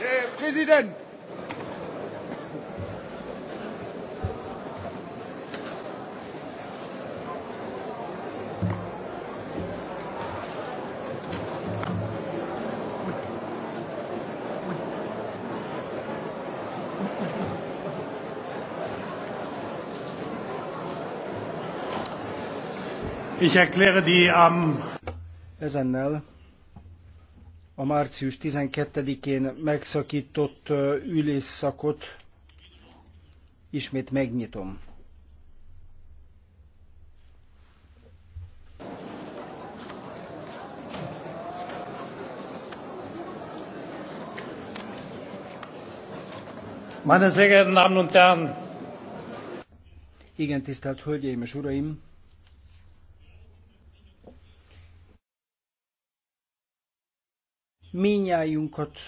Herr Präsident! Ich erkläre die am um... Ezennel a március 12-én megszakított ülésszakot ismét megnyitom. Meine sehr geehrten Damen und Herren! Igen, tisztelt Hölgyeim és Uraim! minnyájunkat